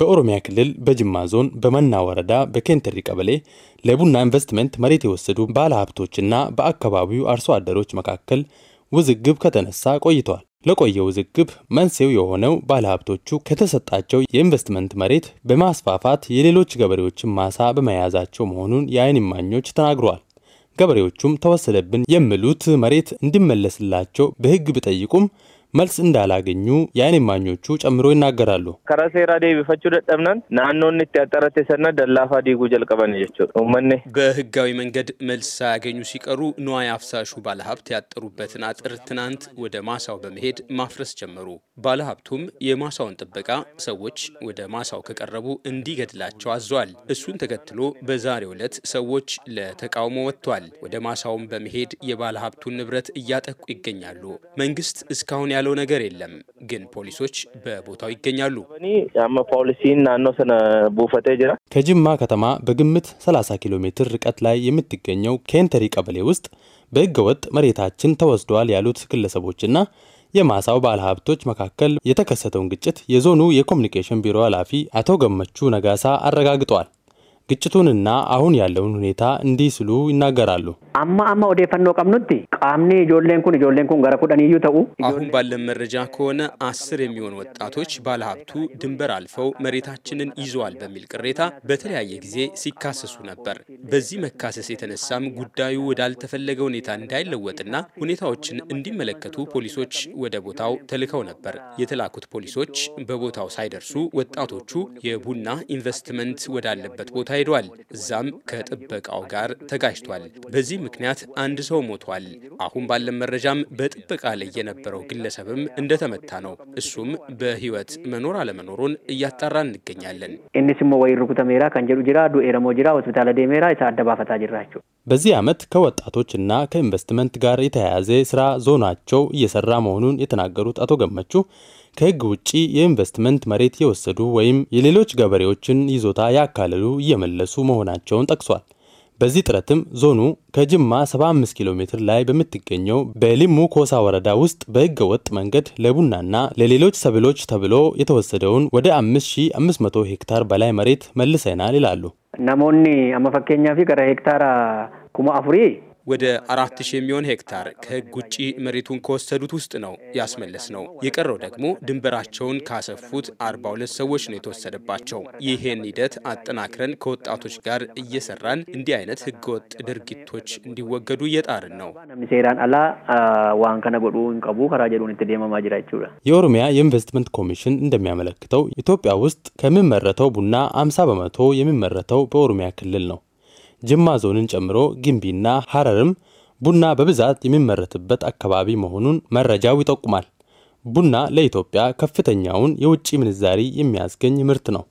በኦሮሚያ ክልል በጅማ ዞን በመና ወረዳ በኬንተሪ ቀበሌ ለቡና ኢንቨስትመንት መሬት የወሰዱ ባለሀብቶችና በአካባቢው አርሶ አደሮች መካከል ውዝግብ ከተነሳ ቆይተዋል። ለቆየ ውዝግብ መንስኤው የሆነው ባለሀብቶቹ ከተሰጣቸው የኢንቨስትመንት መሬት በማስፋፋት የሌሎች ገበሬዎችን ማሳ በመያዛቸው መሆኑን የአይን እማኞች ተናግረዋል። ገበሬዎቹም ተወሰደብን የሚሉት መሬት እንዲመለስላቸው በሕግ ቢጠይቁም መልስ እንዳላገኙ የአይን እማኞቹ ጨምሮ ይናገራሉ። ከራ ሴራ ዴቢፈችው ናኖን ት ያጠረቴ ደላፋ ዲጉ ጀልቀበን ጀቹ በህጋዊ መንገድ መልስ ሳያገኙ ሲቀሩ ንዋይ አፍሳሹ ባለሀብት ያጠሩበትን አጥር ትናንት ወደ ማሳው በመሄድ ማፍረስ ጀመሩ። ባለሀብቱም የማሳውን ጥበቃ ሰዎች ወደ ማሳው ከቀረቡ እንዲገድላቸው አዟል። እሱን ተከትሎ በዛሬው ዕለት ሰዎች ለተቃውሞ ወጥቷል። ወደ ማሳውን በመሄድ የባለሀብቱን ንብረት እያጠቁ ይገኛሉ። መንግስት እስካሁን ያለው ነገር የለም፣ ግን ፖሊሶች በቦታው ይገኛሉ። ከጅማ ከተማ በግምት 30 ኪሎ ሜትር ርቀት ላይ የምትገኘው ኬንተሪ ቀበሌ ውስጥ በህገወጥ መሬታችን ተወስደዋል ያሉት ግለሰቦችና የማሳው ባለሀብቶች መካከል የተከሰተውን ግጭት የዞኑ የኮሚኒኬሽን ቢሮ ኃላፊ አቶ ገመቹ ነጋሳ አረጋግጧል። ግጭቱንና አሁን ያለውን ሁኔታ እንዲህ ስሉ ይናገራሉ። አማ አማ ወደ ቀምኑት ቃምኒ ጆሌን ኩን ጆሌን ኩን ገረ ኩዳን እዩ ተኡ አሁን ባለን መረጃ ከሆነ አስር የሚሆኑ ወጣቶች ባለሀብቱ ድንበር አልፈው መሬታችንን ይዘዋል በሚል ቅሬታ በተለያየ ጊዜ ሲካሰሱ ነበር። በዚህ መካሰስ የተነሳም ጉዳዩ ወዳልተፈለገ ሁኔታ እንዳይለወጥና ሁኔታዎችን እንዲመለከቱ ፖሊሶች ወደ ቦታው ተልከው ነበር። የተላኩት ፖሊሶች በቦታው ሳይደርሱ ወጣቶቹ የቡና ኢንቨስትመንት ወዳለበት ቦታ ተካሂዷል። እዛም ከጥበቃው ጋር ተጋጅቷል። በዚህ ምክንያት አንድ ሰው ሞቷል። አሁን ባለን መረጃም በጥበቃ ላይ የነበረው ግለሰብም እንደተመታ ነው። እሱም በህይወት መኖር አለመኖሩን እያጣራ እንገኛለን። እኒስሞ ወይ ሜራ ከንጀሉ ጅራ ዱኤረሞ ጅራ ሆስፒታል ዴሜራ ሳ አደባፈታ ጅራቸው በዚህ ዓመት ከወጣቶችና ከኢንቨስትመንት ጋር የተያያዘ ስራ ዞናቸው እየሰራ መሆኑን የተናገሩት አቶ ገመቹ ከህግ ውጪ የኢንቨስትመንት መሬት የወሰዱ ወይም የሌሎች ገበሬዎችን ይዞታ ያካለሉ እየመለሱ መሆናቸውን ጠቅሷል። በዚህ ጥረትም ዞኑ ከጅማ 75 ኪሎ ሜትር ላይ በምትገኘው በሊሙ ኮሳ ወረዳ ውስጥ በህገ ወጥ መንገድ ለቡናና ለሌሎች ሰብሎች ተብሎ የተወሰደውን ወደ 5500 ሄክታር በላይ መሬት መልሰናል ይላሉ። ናሞኒ አመፈኬኛ ፊ ቀረ ሄክታራ ኩማ ወደ አራት ሺህ የሚሆን ሄክታር ከህግ ውጪ መሬቱን ከወሰዱት ውስጥ ነው ያስመለስ ነው። የቀረው ደግሞ ድንበራቸውን ካሰፉት 42 ሰዎች ነው የተወሰደባቸው። ይህን ሂደት አጠናክረን ከወጣቶች ጋር እየሰራን እንዲህ አይነት ህገወጥ ድርጊቶች እንዲወገዱ እየጣርን ነው። የኦሮሚያ የኢንቨስትመንት ኮሚሽን እንደሚያመለክተው ኢትዮጵያ ውስጥ ከሚመረተው ቡና አምሳ በመቶ የሚመረተው በኦሮሚያ ክልል ነው። ጅማ ዞንን ጨምሮ ግንቢና ሐረርም ቡና በብዛት የሚመረትበት አካባቢ መሆኑን መረጃው ይጠቁማል። ቡና ለኢትዮጵያ ከፍተኛውን የውጭ ምንዛሪ የሚያስገኝ ምርት ነው።